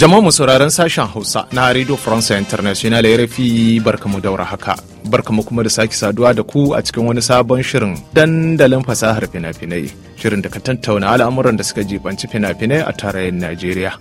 jama'a mu sauraron sashen hausa na radio france international ya rafi barkamu daura haka barka mu kuma da sake saduwa da ku a cikin wani sabon shirin dandalin fasahar fina-finai shirin da ka tattauna al'amuran da suka jibanci fina-finai a tarayyar najeriya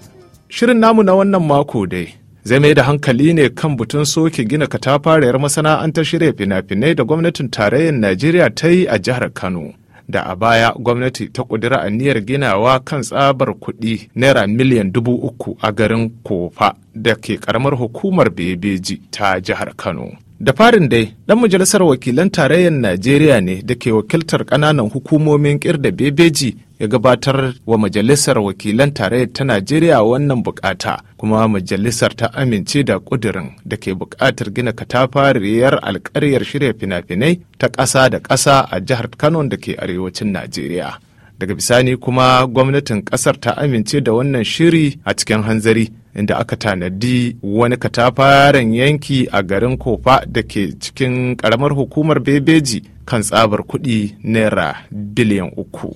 shirin namu na wannan mako dai zai mai da hankali ne kan butun soke gina katafariyar masana'antar shirya fina-finai da gwamnatin tarayyar najeriya ta yi a jihar kano da a baya gwamnati ta ƙudiri aniyar ginawa kan tsabar kuɗi naira miliyan dubu uku a garin kofa da ke karamar hukumar bebeji ta jihar kano da farin dai ɗan majalisar wakilan tarayyar najeriya ne da ke wakiltar ƙananan hukumomin ƙir bebeji ya gabatar wa majalisar wakilan tarayyar ta najeriya wannan bukata kuma majalisar ta amince da kudirin da ke bukatar gina katafariyar alkaryar shirya fina-finai ta ƙasa da ƙasa a jihar kano da ke arewacin najeriya daga bisani kuma gwamnatin ƙasar ta amince da wannan shiri a cikin hanzari inda aka tanadi wani katafaren yanki a garin kofa da ke cikin ƙaramar hukumar bebeji kan tsabar kuɗi naira biliyan uku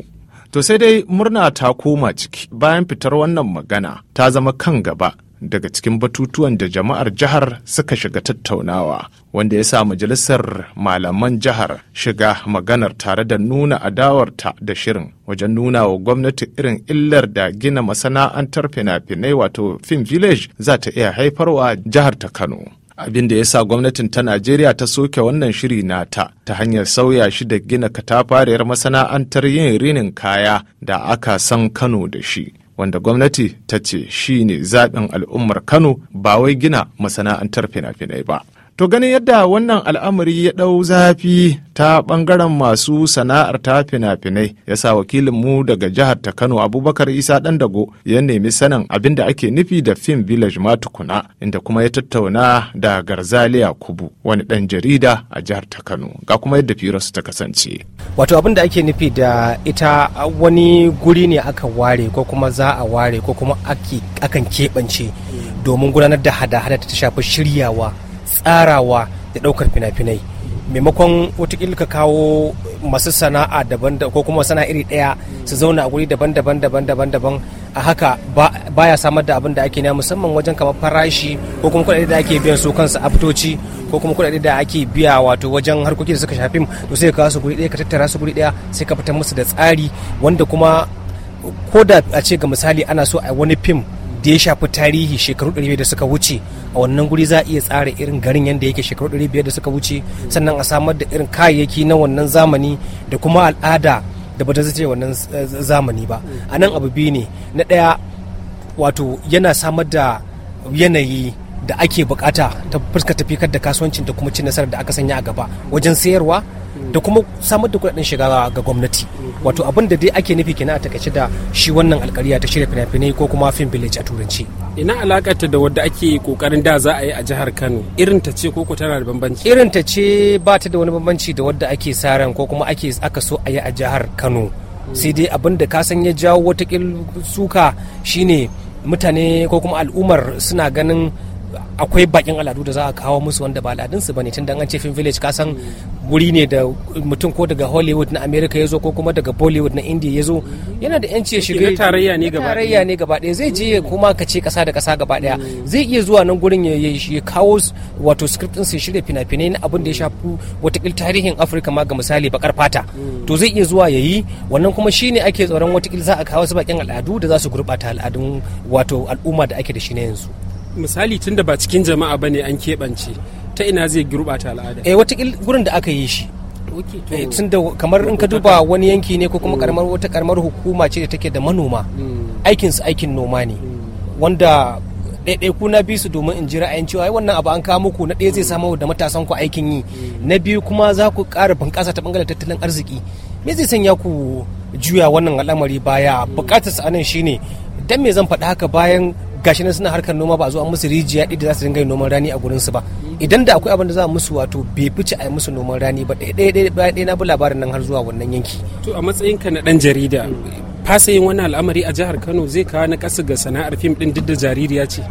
To sai dai murna ta koma ciki bayan fitar wannan magana ta zama kan gaba daga cikin batutuwan da jama'ar jihar suka shiga tattaunawa wanda ya sa majalisar malaman jihar shiga maganar tare da nuna adawarta da shirin wajen nuna wa gwamnati irin illar da gina masana'antar fina-finai wato film village za ta iya haifarwa jihar ta kano abin da ya sa gwamnatin ta najeriya ta soke wannan shiri nata ta hanyar sauya shi da gina katafariyar masana'antar yin rinin kaya da aka san kano da shi wanda gwamnati ta ce shi ne zaɓin al'ummar kano ba wai gina masana'antar fina-finai ba To ganin yadda wannan al'amari ya ɗau zafi ta ɓangaren masu sana'ar ta fina-finai ya sa wakilinmu daga jihar ta Kano Abubakar Isa Dandago ya nemi sanin abin da ake nufi da fim Village ma tukuna inda kuma ya tattauna da Garzaliya Kubu wani ɗan jarida a jihar ta Kano ga kuma yadda firas ta kasance. Wato abin da ake nufi da ita wani guri ne aka ware ko kuma za a ware ko kuma akan keɓance domin gudanar da hada-hada ta shafi shiryawa tsarawa da ɗaukar fina-finai maimakon watakila ka kawo masu sana'a daban da ko kuma sana'a iri ɗaya su zauna a guri daban-daban daban-daban daban a haka baya samar da abin da ake na musamman wajen kamar farashi ko kuma kudade da ake biyan su kansu aftoci ko kuma kudade da ake biya wato wajen harkokin da suka shafi to sai ka kawo su guri daya ka tattara su guri daya sai ka fitar musu da tsari wanda kuma ko da a ce ga misali ana so a wani fim da ya shafi tarihi shekaru 100 da suka wuce a wannan guri za a iya tsara irin garin yadda yake shekaru 500 da suka wuce sannan a samar da irin kayayyaki na wannan zamani da kuma al'ada da ba ta zace wannan eh, zamani ba a nan abu biyu ne na ɗaya wato yana samar da yanayi da ake bukata ta fuska tafikar da kasuwancin da kuma cin nasarar da aka sanya a gaba wajen sayarwa da kuma samar da kudaden shiga ga gwamnati wato abin da dai ake nufi kenan a takaice da shi wannan alkariya ta shirya fina-finai ko kuma film village a turanci ina ta da wadda ake kokarin da za a yi a jihar kano irin ta ce ko ko tana da bambanci irin ta ce ba ta da wani bambanci da wadda ake sa ran ko kuma ake aka so a yi a jihar kano sai dai abin da ka san ya jawo wata suka shine mutane ko kuma al'ummar suna ganin akwai bakin al'adu da za a kawo musu wanda ba al'adunsu ba ne tun an ce film village ka san guri ne da mutum ko daga hollywood na america ya zo ko kuma daga bollywood na india ya zo yana da yanci ya shiga tarayya ne gaba tarayya ne gaba ɗaya zai je kuma ka ce kasa da kasa gaba daya zai iya zuwa nan gurin ya kawo wato script din su shirya fina-finai na abin da ya shafi watakil tarihin afirka ma ga misali bakar fata to zai iya zuwa ya yi wannan kuma shine ake tsoron watakil za a kawo su bakin al'adu da za su gurɓata al'adun wato al'umma da ake da shi na yanzu misali da ba cikin jama'a ba ne an keɓance ta ina zai gurɓata al'ada eh wata gurin da aka yi shi eh, tun da kamar in ka duba wani yanki ne ko kuma karamar mm. wata karamar hukuma ce da take da manoma mm. aikin su aikin noma ne mm. wanda ku na bi su domin in ji ra'ayin cewa ai wannan abu an kawo muku na ɗaya zai samu da matasan ku aikin yi na biyu kuma za ku ƙara bunƙasa ta ɓangaren tattalin arziki me zai sanya ku juya wannan al'amari baya buƙatar sa anan shine dan me zan faɗi haka bayan gashi nan suna harkar noma ba a zo an musu rijiya da za su dinga yin noman rani a gurin su ba idan da akwai abin da za a musu wato bai fice a musu noman rani ba ɗaya ɗaya na bi labarin nan har zuwa wannan yanki to a matsayin ka na ɗan jarida fasa yin wani al'amari a jihar kano zai kawo na kasu ga sana'ar fim ɗin duk da jaririya ce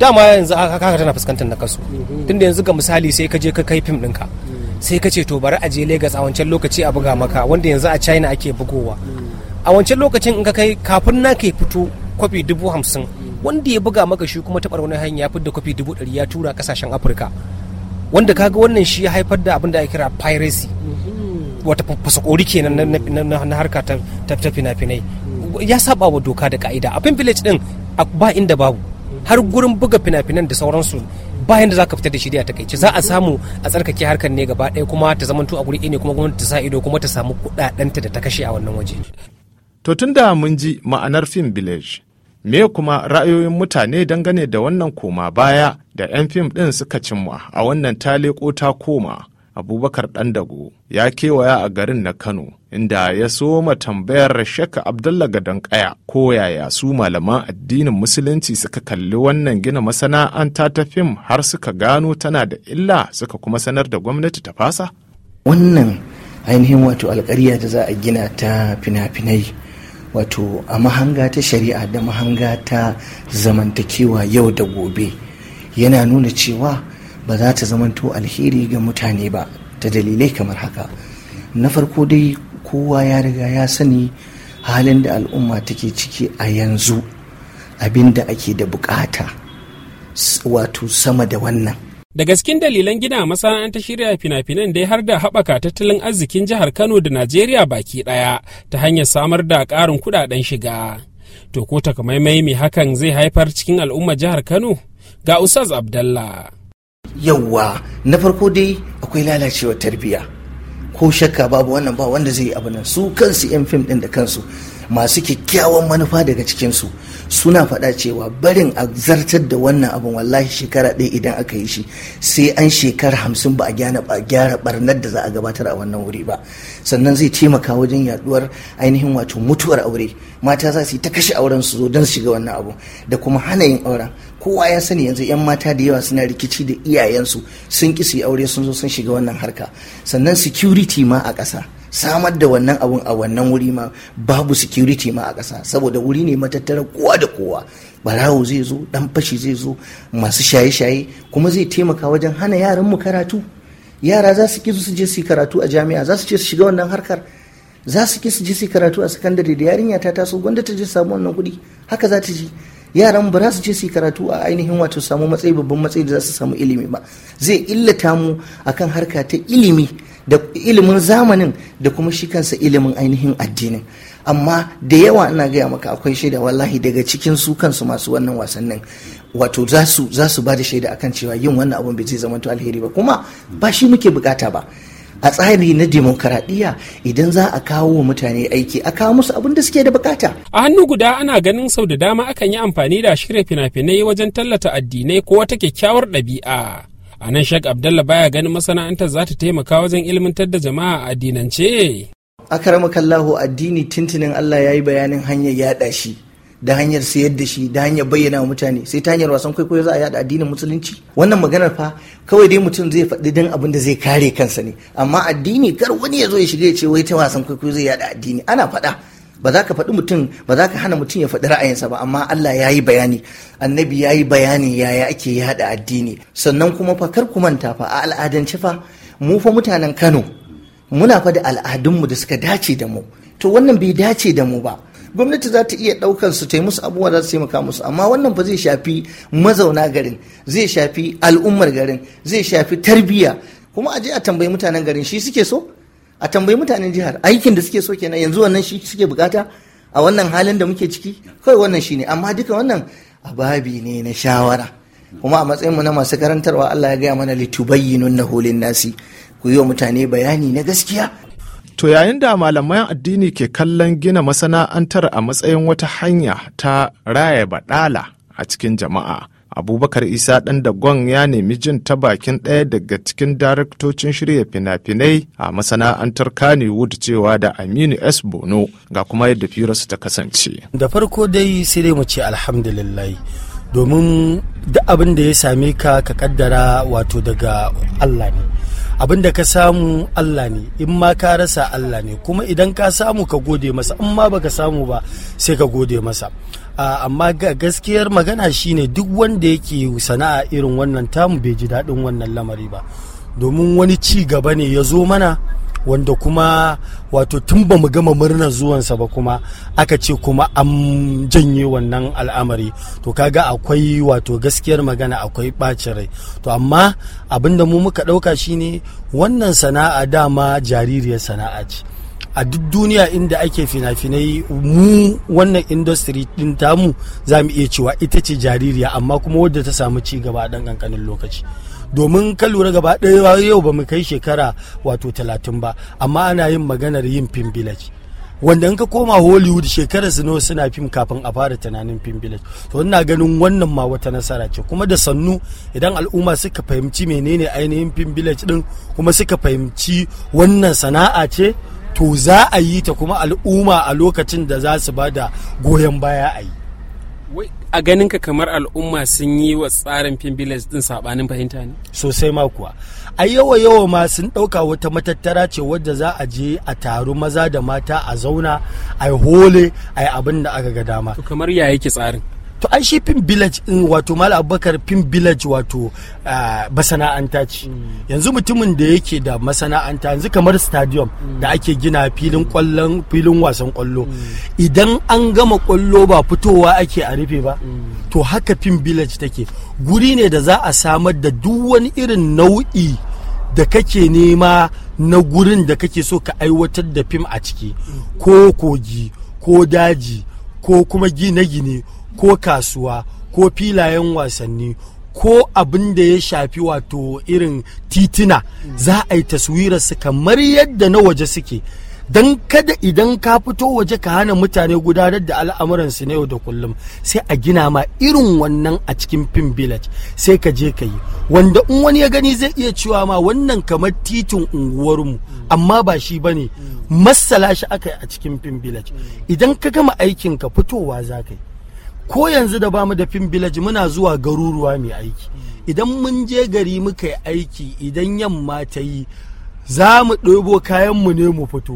dama yanzu haka tana fuskantar na kasu mhm. tunda yanzu ga misali sai ka je ka kai fim ɗinka mhm. sai ka ce to bari a je Legas a wancan lokaci a buga maka wanda yanzu a china ake bugowa mhm. a wancan lokacin in ka kai kafin na ke fito kwafi dubu hamsin wanda ya buga maka shi kuma taɓar wani hanya ya fidda kwafi dubu ɗari ya tura kasashen afirka wanda kaga wannan shi ya haifar da abin da ake kira piracy mhm. wata fasakori kenan na harka ta fina-finai ya saba wa doka da ka'ida a fin village din ba inda babu har gurin buga fina-finan da sauransu ba yadda za ka fitar da shi ta takaici za a samu a tsarkake harkar ne gaba ɗaya kuma ta zamanto a guri ne kuma gwamnati ta sa ido kuma ta samu kuɗaɗenta da ta kashe a wannan waje. To tun da mun ji ma'anar fim village me kuma ra'ayoyin mutane dangane da wannan koma baya da 'yan fim ɗin suka cimma a wannan taliko ta koma abubakar ɗandago ya kewaya a garin na kano inda ya soma tambayar shaka abdullah gadon dankaya ko yaya su malaman addinin musulunci suka kalli wannan gina masana'anta ta fim har suka gano tana da illa suka kuma sanar da gwamnati ta fasa wannan ainihin wato alkariya da za a gina ta fina-finai wato a mahanga ta shari'a da mahanga ta zamantakewa yau da gobe yana nuna cewa ba za ta zamanto alheri ga mutane ba ta dalilai kamar haka na farko dai kowa ya riga ya sani halin da al'umma take ciki a yanzu abin da ake da bukata wato sama da wannan Da gaskin dalilan gina masana'anta shirya fina-finan dai har da haɓaka tattalin arzikin jihar Kano da Najeriya baki ɗaya ta hanyar samar da ƙarin kuɗaɗen shiga. To ko takamaimai mai hakan zai haifar cikin al'ummar jihar Kano? Ga Usaz Abdallah. Yawwa, na farko dai akwai lalacewar tarbiyya. Ko shakka babu wannan ba wanda zai yi abu nan su kansu 'yan fim ɗin da kansu masu kyakkyawan manufa daga cikinsu suna faɗa cewa barin a zartar da wannan abin wallahi shekara ɗaya idan aka yi shi sai an shekara hamsin ba a gyara barnar da za a gabatar a wannan wuri ba sannan zai taimaka wajen yaduwar ainihin wato mutuwar aure mata za su yi ta kashe auren su zo don shiga wannan abu da kuma hana yin auren kowa ya sani yanzu 'yan mata da yawa suna rikici da iyayensu sun ƙi su yi aure sun zo sun shiga wannan harka sannan security ma a ƙasa samar da wannan abun a wannan wuri ma babu security ma a ƙasa saboda wuri ne matattara kowa da kowa barawo zai zo dan fashi zai zo masu shaye-shaye kuma zai taimaka wajen hana yaran mu karatu yara za su kisu su je su karatu a jami'a za su ce su shiga wannan harkar za su kisu su je su karatu a sakandare da yarinya ta taso gwanda ta je samu wannan kuɗi haka za ta ji yaran ba za su je su karatu a ainihin wato samu matsayi babban matsayi da za su samu ilimi ba zai illata mu akan harka ta ilimi da ilimin zamanin da kuma shi kansa ilimin ainihin addinin amma da yawa ina gaya maka akwai shaida wallahi daga cikin su kansu masu wannan wasannin wato za su ba da shaida akan cewa yin wannan abun bai zai zama alheri ba kuma ba shi muke bukata ba a tsari na demokaradiyya idan za a kawo wa mutane aiki a kawo musu abin da suke da bukata. A hannu guda ana ganin sau da dama akan yi amfani da shirya fina-finai wajen tallata addinai ko wata kyakkyawar ɗabi'a. A nan Sheikh Abdallah baya ganin masana'antar za ta taimaka wajen ilmantar da jama'a a addinance. Akaramakallahu addini tintinin Allah ya yi bayanin hanyar yaɗa shi. da hanyar sayar da shi da hanyar bayyana wa mutane sai ta hanyar wasan kwaikwayo za a yada addinin musulunci wannan maganar fa kawai dai mutum zai faɗi dan abin da zai kare kansa ne amma addini kar wani ya zo ya shiga ya ce wai ta wasan kwaikwayo zai yada addini ana faɗa ba za ka faɗi mutum ba za ka hana mutum ya faɗi ra'ayinsa ba amma Allah ya yi bayani annabi ya yi bayani yaya ake yada addini sannan kuma fa kar ku manta fa a al'adance fa mu fa mutanen Kano muna fa da al'adunmu da suka dace da mu to wannan bai dace da mu ba gwamnati za ta iya ɗaukar su musu abubuwa za su taimaka musu amma wannan fa zai shafi mazauna garin zai shafi al'ummar garin zai shafi tarbiyya kuma a je a tambayi mutanen garin shi suke so a tambayi mutanen jihar aikin da suke so kenan yanzu wannan shi suke bukata a wannan halin da muke ciki kawai wannan shi ne. amma duka wannan ababi ne na shawara kuma a matsayinmu na masu karantarwa Allah ya gaya mana litubayyinun na holin nasi ku yi wa mutane bayani na gaskiya To yayin da malaman addini ke kallon gina masana'antar a matsayin wata hanya ta raya baɗala a cikin jama'a. Abubakar Isa ɗan da ya nemi jin ta bakin ɗaya daga cikin daraktocin shirya fina-finai a masana'antar Kannywood cewa da Aminu S. Bono ga kuma yadda firarsu ta kasance. Da farko dai sai dai mu ce alhamdulillahi domin duk abin da ya same ka ka kaddara wato daga Allah ne. abin da ka samu Allah ne in ma ka rasa Allah ne kuma idan ka samu ka gode masa in ma baka samu ba sai ka gode masa amma gaskiyar magana shine duk wanda yake sana'a irin wannan tamu bai ji daɗin wannan lamari ba domin wani ci gaba ne ya zo mana wanda kuma wato tun ba mu gama murnar zuwansa ba kuma aka ce kuma an janye wannan al'amari to kaga akwai wato gaskiyar magana akwai ɓacin rai to amma abinda mu muka ɗauka shine wannan sana'a dama jaririyar sana'a ce a duk duniya inda ake fina-finai mu wannan industry din tamu za mu iya cewa ita ce jaririya amma kuma wadda ta samu ci gaba a ɗan ƙanƙanin lokaci domin ka lura gaba ɗaya yau ba mu kai shekara wato talatin ba amma ana yin maganar yin fim village wanda in ka koma hollywood shekarar su nawa suna fim kafin a fara tunanin fim village to ina ganin wannan ma wata nasara ce kuma da sannu idan al'umma suka fahimci menene ainihin fim village din kuma suka fahimci wannan sana'a ce to za a yi ta kuma al'umma a lokacin da za su ba da goyon baya a yi a ganin ka kamar al'umma sun yi wa tsarin fim village din sabanin fahimta ne sosai ma kuwa a yawa yawa ma sun ɗauka wata matattara ce wadda za a je a taru maza da mata a zauna a yi hole a yi abin da aka ga dama kamar ya yake tsarin to an shi fim village in wato mal abubakar fim village wato ah, masana'anta ce yanzu mutumin da yake da masana'anta yanzu kamar stadium da ake gina filin kwallon filin wasan kwallo idan an gama kwallo ba fitowa ake a rufe ba to haka fim village take guri ne da za a samar da duk wani irin nau'i da kake nema na gurin da kake so ka aiwatar da fim a ciki ko kogi ko daji ko kuma gine-gine ko kasuwa ko filayen wasanni ko abin da ya shafi wato irin titina za a yi taswirarsu kamar yadda na waje suke don kada idan ka fito waje ka hana mutane gudanar da al'amuransu na yau da kullum sai a gina ma irin wannan a cikin fim village sai ka je ka yi wanda in wani ya gani zai iya cewa ma wannan kamar titin unguwarmu amma ba shi ba ne Masala shi aka yi a cikin fim village idan ka gama aikinka fitowa za ka yi ko yanzu da bamu da fim village muna zuwa garuruwa mai aiki idan mun je gari muka yi aiki idan yamma ta yi za mu ɗebo kayanmu ne mu fito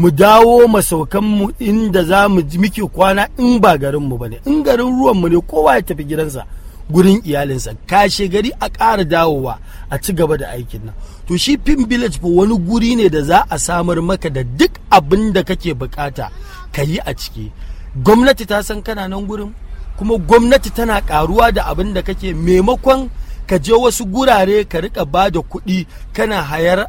mu dawo masaukanmu inda za mu muke kwana in ba garinmu ba ne in garin ruwanmu ne kowa ya tafi gidansa gurin iyalinsa kashe gari a ƙara dawowa a ci gaba da aikin nan to shi fim village fa wani guri ne da za a samar maka da duk abin da kake bukata ka yi a ciki gwamnati ta san kana nan gurin kuma gwamnati tana karuwa da abin da kake maimakon ka je wasu gurare ka rika ba da kuɗi kana hayar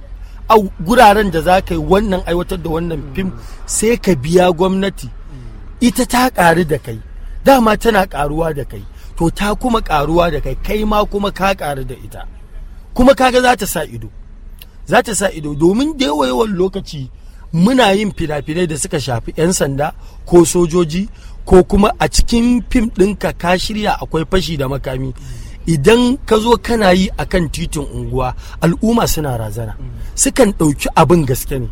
a guraren da za ka yi wannan aiwatar da wannan fim mm. sai ka biya gwamnati mm. ita ta karu da kai dama tana karuwa da kai to ta kuma ƙaruwa da kai kai ma kuma ka karu da ita kuma kaga za ta sa ido za ta sa ido domin da yawa yawan lokaci muna yin fina-finai da suka shafi 'yan sanda ko sojoji ko kuma a cikin fim ɗinka ka shirya akwai fashi da makami idan ka zo kana yi a kan titin unguwa al'umma suna razana sukan ɗauki abin gaske ne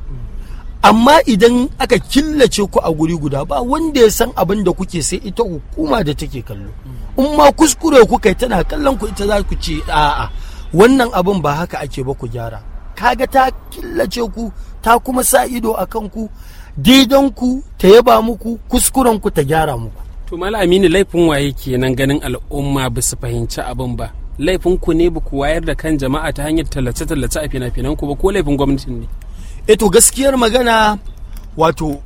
amma idan aka killace ku a guri guda ba wanda ya san abin da kuke sai ita hukuma da take kallo in ma kuskure kuka tana kallon ku ita za ku ce a'a wannan abin ba haka ake ba ku gyara kaga ta killace ku ta kuma sa ido a kanku ku ta yaba muku kuskurenku ta gyara muku to mala aminu laifin waye kenan ganin al'umma ba su fahimci abin ba laifin ku ne ba ku wayar da kan jama'a ta hanyar tallace-tallace a fina-finan ku ba ko laifin gwamnatin ne e to gaskiyar magana wato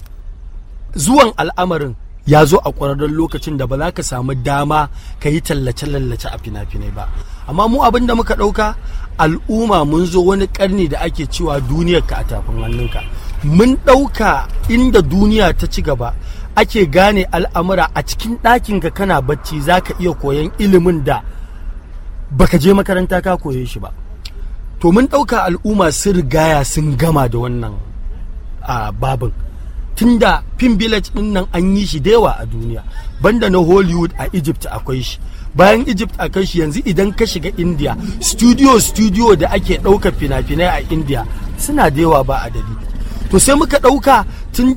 zuwan al'amarin ya zo a ƙwararren lokacin da ba za ka samu dama ka yi tallace-lallace a fina-finai ba amma mu abin da muka ɗauka al'umma mun zo wani ƙarni da ake cewa duniyar ka a tafin hannunka mun ɗauka inda duniya ta ci gaba ake gane al'amura a cikin ɗakin ka kana bacci za ka iya koyan ilimin da baka je makaranta ka koye shi ba to mun ɗauka al'umma sun rigaya sun gama da wannan a babin tun da pin village din nan an yi shi da yawa a duniya banda na hollywood a egypt akwai shi bayan egypt akwai shi yanzu idan ka shiga india studio studio da ake ɗaukar fina-finai a india suna da yawa ba adadi to sai muka ɗauka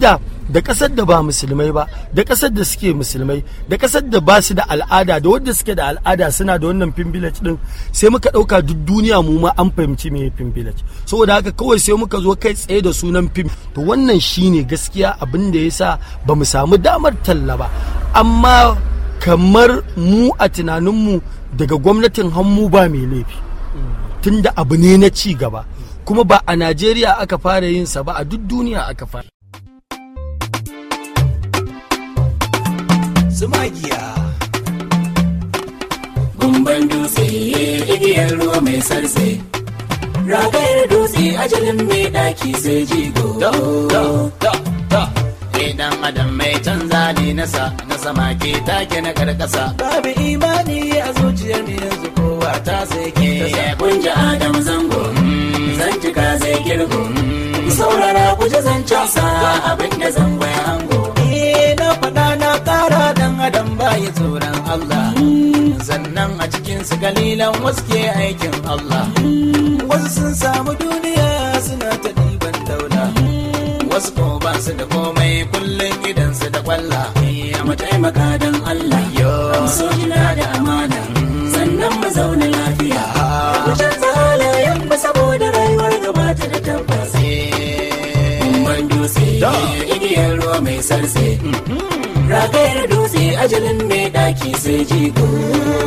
da. da kasar da ba musulmai ba da ƙasar da suke musulmai da ƙasar da ba su da al'ada da wadda suke da al'ada suna da wannan pin village din sai muka ɗauka duk duniya mu ma an fahimci me pin village saboda haka kawai sai muka zo kai tsaye da sunan pin to wannan shine gaskiya abin da yasa ba mu samu damar talla ba amma kamar mu a tunaninmu daga gwamnatin hannu ba mai laifi tunda abu ne na ci gaba kuma ba a najeriya aka fara yin sa ba a duk duniya aka fara su magiya. Gumban dutse igiyar ruwa mai sarse, ragayar dutse ajalin mai ɗaki sai jigo. Da, Idan adam mai canza ne nasa, nasa ma ke take na karkasa. Babu imani a zuciyar mai yanzu kowa ta sai ke. Eh, kunji Adam zango, zan cika zai girgo. Saurara kuje zan casa abin da zango. Allah sannan a cikin su galilan wasu ke aikin Allah wasu sun samu duniya suna ta ɗiban daula wasu ko ba su da komai kullum idan su da kwalla mu taimaka don Allah yo so da amana sannan mu zauna lafiya mu canza halayen mu saboda rayuwar gaba ta da tabbas eh. igiyar ruwa mai sarse bayar dutse ajalin mai daki sai jigo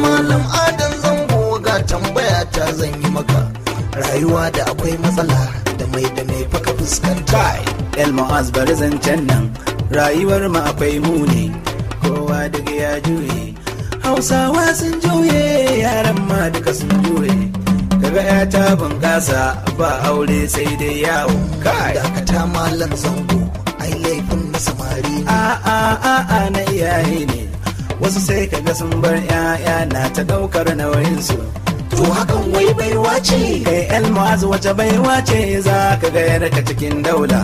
malam adam zango ga tambaya ta zan yi maka rayuwa da akwai matsala da mai da mai faka fuskanta el mu'az bari can nan rayuwar mu akwai muni kowa daga ya juye hausawa sun juye yaran ma duka sun jure kaga ya ta bunƙasa ba aure sai dai yawo kai dakata malam zango ai A'a, a'a, na iyaye ne wasu sai kaga sun bar 'ya'ya na ta ɗaukar nauyinsu to hakan wai baiwa ce kai elmaz wace baiwa ce za ka ga yarka cikin daula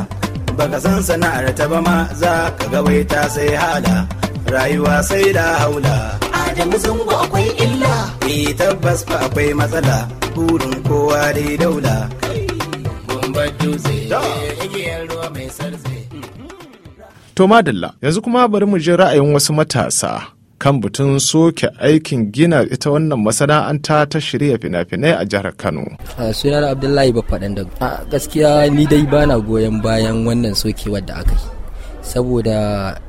baka san sana'ar ta ba ma za ka ga wai ta sai hala rayuwa sai da haula adamu zango akwai illa eh tabbas fa akwai matsala burin kowa dai daula dutse igiyar ruwa mai sarze To madalla, yanzu kuma bari mu ji ra'ayin wasu matasa kan batun soke aikin gina ita wannan masana'anta ta shirya fina-finai a jihar Kano. Ah, sunana Abdullahi Bafaɗan da ah, gaskiya ni dai bana goyon bayan wannan sokewar da aka yi. Saboda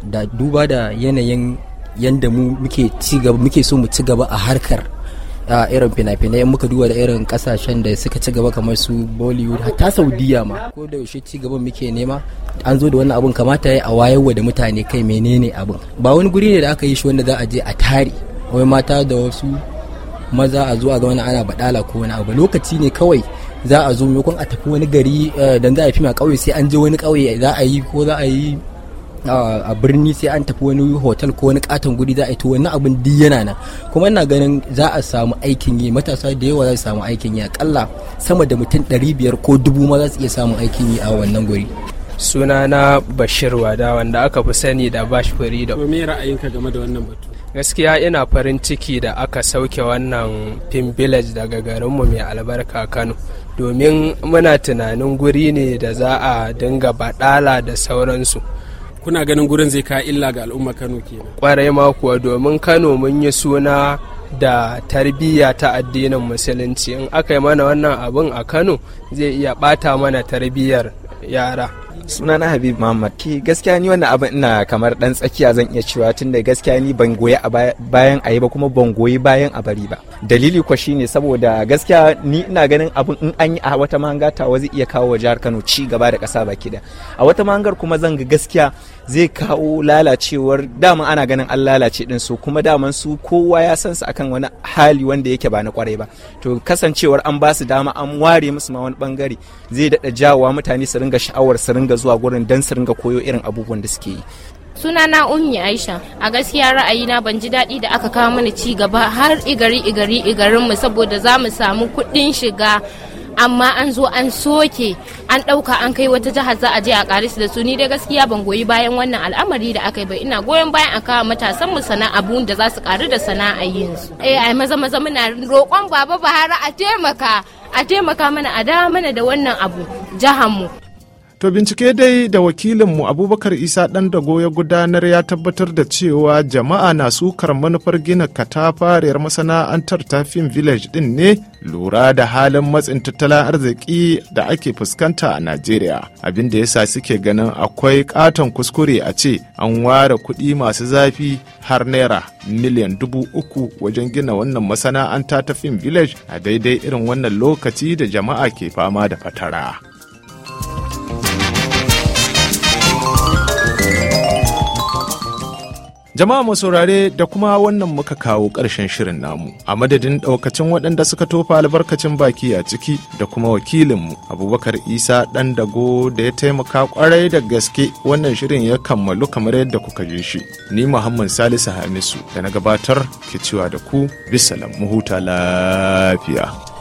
da duba da yanayin yanda mu muke so mu ci gaba a harkar a irin fina-finai in muka duba da irin kasashen da suka ci gaba kamar su bollywood hatta saudiya ma ko da yaushe ci gaban muke nema an zo da wannan abun kamata ya a wayar da mutane kai menene abun ba wani guri ne da aka yi shi wanda za a je a tari. wai mata da wasu maza a zo a ga wani ana badala ko wani abu lokaci ne kawai za a zo maimakon a tafi wani gari eh, dan za a fi ma kauye sai an je wani kauye za a yi ko za a yi a birni sai an tafi wani hotel ko wani katon guri za a yi to wannan abin duk yana nan kuma ina ganin za a samu aikin yi matasa da yawa za su samu aikin yi akalla sama da mutum biyar ko dubu ma za su iya samun aikin yi a wannan guri sunana bashir wada wanda aka fi sani da bash freedom to me ra'ayinka game da wannan batu gaskiya ina farin ciki da aka sauke wannan pin village daga garinmu mai albarka kano domin muna tunanin guri ne da za a dinga baɗala da sauransu kuna ganin gurin zai ka illa ga al'umma kano kenan kwarai ma kuwa domin kano mun yi suna da tarbiyya ta addinin musulunci in aka yi mana wannan abin a kano zai iya bata mana tarbiyyar yara suna na habib muhammad ke gaskiya ni wannan abin ina kamar dan tsakiya zan iya cewa tun tunda gaskiya ni ban goyi bayan ayi ba kuma ban goyi bayan a bari ba dalili kwa shine saboda gaskiya ni ina ganin abin in an yi a wata mahanga tawa zai iya kawo wa jihar kano ci gaba da kasa baki da a wata mahangar kuma zan ga gaskiya zai kawo lalacewar dama ana ganin an lalace din su kuma daman su kowa ya san su akan wani hali wanda yake ba na kwarai ba to kasancewar an ba su dama an ware musu ma wani bangare zai daɗa jawowa mutane su ringa sha'awar su ringa zuwa gurin dan su ringa koyo irin abubuwan da suke yi sunana ummi aisha a gaskiya ra'ayi na ban ji daɗi da aka kawo mana ci gaba har igari igari igarin mu saboda za mu samu kuɗin shiga amma an zo an soke an ɗauka an kai wata jihar za a je a ƙari su da su ni dai gaskiya ban goyi bayan wannan al'amari da aka yi ba ina goyon bayan a kawo matasan mu sana'a bun da za su ƙaru da sana'a yin su eh ai maza maza muna roƙon baba Bahara a taimaka a taimaka mana a da mana da wannan abu mu To bincike dai da wakilinmu Abubakar Isa ɗan dago ya gudanar ya tabbatar da cewa jama'a na sukar manufar gina katafariyar masana'antar tafin village ɗin ne lura da halin matsin tattalin arziki da ake fuskanta a Najeriya. abinda da yasa suke ganin akwai katon kuskure a ce an ware kuɗi masu zafi har naira miliyan dubu uku wajen gina wannan masana'anta ta fim village a daidai irin wannan lokaci da jama'a ke fama da fatara. Jama'a mu saurare da kuma wannan muka kawo ƙarshen shirin namu. A madadin ɗaukacin waɗanda suka tofa albarkacin baki a ciki da kuma wakilinmu Abubakar Isa ɗan dago da ya taimaka kwarai da gaske wannan shirin ya kammalu kamar yadda kuka ji shi. Ni Muhammad Salisu Hamisu da na gabatar ke cewa da ku bisa lamu huta lafiya.